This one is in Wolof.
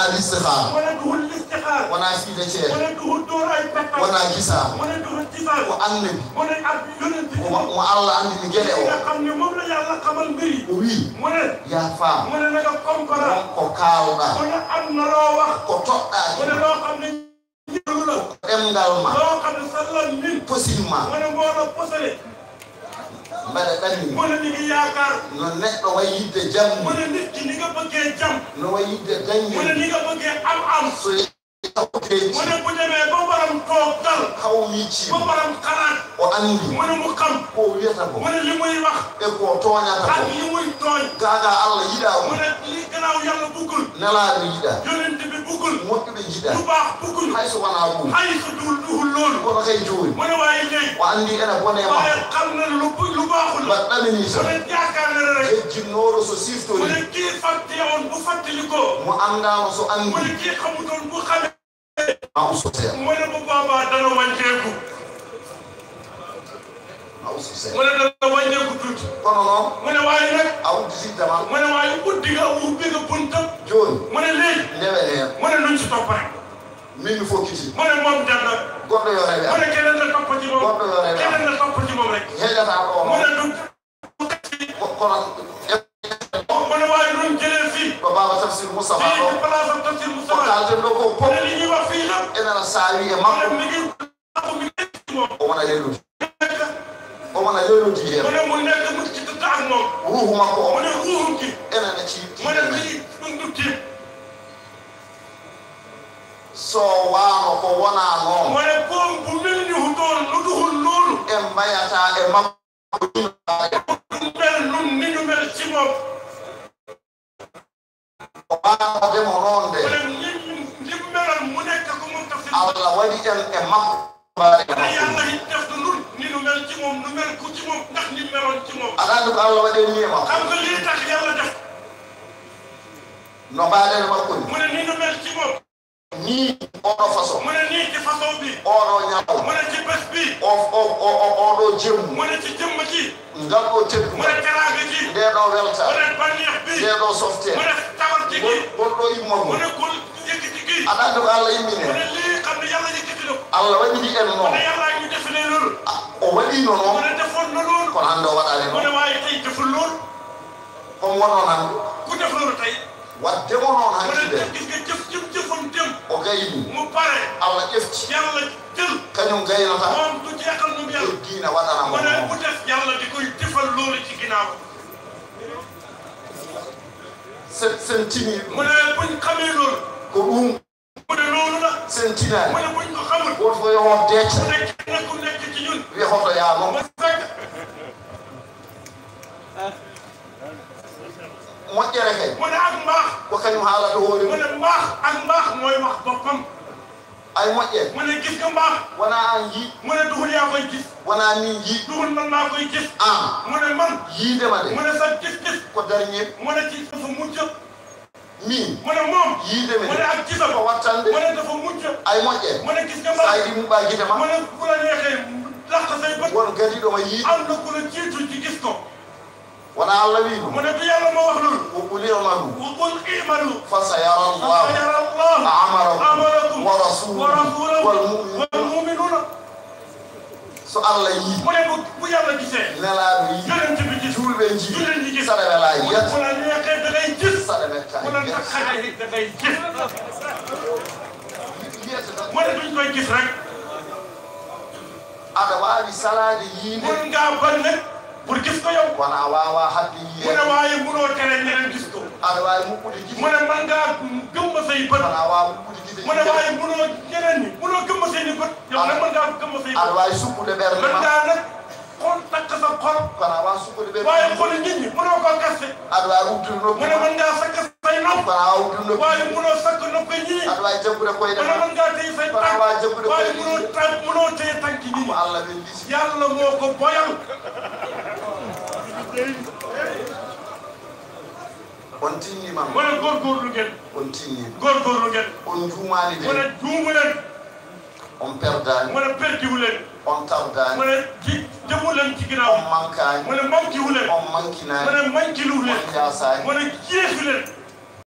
wala listixaar wala duhul listixaar wala fiida ceer ko annabi mo Allah andi ni gele o wii mu ko kaawɗaa ko toɗɗaa ni no neɗɗo way yidde jam noo yi dañ. mu ne ni nga am am. mu ne bu demee ba baram toog dal. xaw ma ba baram xalaat. o andi. mu ne mu xam. koo wiyata ko. mu ne li muy wax. e koo tooñata ko. ak li muy tooñ. gaaga Allah yidaa ko. mu ne li gannaaw yàlla buggul. nelaare yidaa. yonent bi buggul. mokkube yidaa. lu baax buggul. hay su wanaa buggul. hay su dul duhul loolu. ko la kay joori. mu ne waaye léegi. o andi ena bone ma. waaye xam na lu lu baaxul. ba ɗamini sa. mu ne yaakaar na rek. e jinnooro so siftori. mu ne kii fàtte woon bu fàttali ko. mu andaano so andi. mu ne kii xamutoon bu xamee. Awusosea. Mwana kubamba atano manjeku. Awusosea. Mwana atano manjeku tuti. Kono no. Mwana wali nak. Awudisi dama. Mwana wali kudiga ubiga punta. Jol. Mwana leji. Lebe leya. Mwana nunchi topare. Mimi fo kiti. Mwana mom dana. Gondo yore ya. Mwana kelen na topo ci mom. Gondo yore ya. Kelen na topo ci mom rek. Yeda ta ko. Mwana du. Kono tafsir Moustapha ɗo ko pop enana saawi e makko o wona leylude o wona leylude hen ruhu ko wona noon en mbayata e makko ɗum baade mo ronde ndimmeral mu nekk ko lii tax yàlla def no mbaɗen makko ni mu ne ni no mel ci moom nii oɗo façon mu ne nii ci façon bi oɗo ñaaw mu ne ci bés bi o o mu ne ci jëmm ji ngal ɗo teddu ndeɗo welta ndeɗo softe gonɗo immamo aɗa andi ko allah immine allah waɗiri en noon ah, o waɗino noon kono hannde o waɗani noon komo wonno nan ko def loolu tey watte ko noon hakkille gis nga jëf jëf jëfam dem o gayni mu pare allah ƴefti yalla jël kañum gaynata moom du jeexal num yàlla diina waɗana mo wona bu def yàlla di koy defal loolu ci ginnaaw sen sen tini mu ne buñ xamee loolu ko ɗum mu ne loolu la sen tinaani mu ne buñ ko xamul woto ko yo on deec mu nekk nag ku nekk ci ñun wi hoto yaa noon mooy jërë kay. mu ne ak mbaax. wa kañ mu xaaral di wóor mu ne mbaax ak mbaax mooy wax boppam. ay moƴƴe mu ne gis nga mbaax wona an yii mu ne man maa koy gis de mu ne sax gis-gis ko dernier mu ne ci dafa mujj min mu ne moom yiideme mu ne ak yi di mu baa gitema mu ne ku la neexee laq say bët won gadiɗoma yii am na ku la jiitu ci gis ko وانا الله بيه من يلا ما وقل له وقل قيمه فسيرى الله فسيرى الله عمركم ورسوله ورسوله والمؤمنون, والمؤمنون. سؤال لي من يقول بيا ما جيسه لا لا بي يرن تبي جيس هو بي جي يرن تبي جيس سلام الله يا ولا ني خير ده جاي جيس سلام الله ولا ني خير gis ko yow. wala waaw waaw xam ni. mu ne waaye munoo tere ñeneen gis ko. ah waaye mu kuti man ngaa gëmma say bët. wala waaw mu kuti gis. munoo gëmma say ni bët. yow nag mën ngaa on tinnima wona gorgorlugel on tinnima gorgorlugel on juumani de wona juumulen on perdani wona perdiwulen on tardani wona demulen ciginaw on mankani wona mankiwulen on mankinani wona mankiluwlen on jasani wona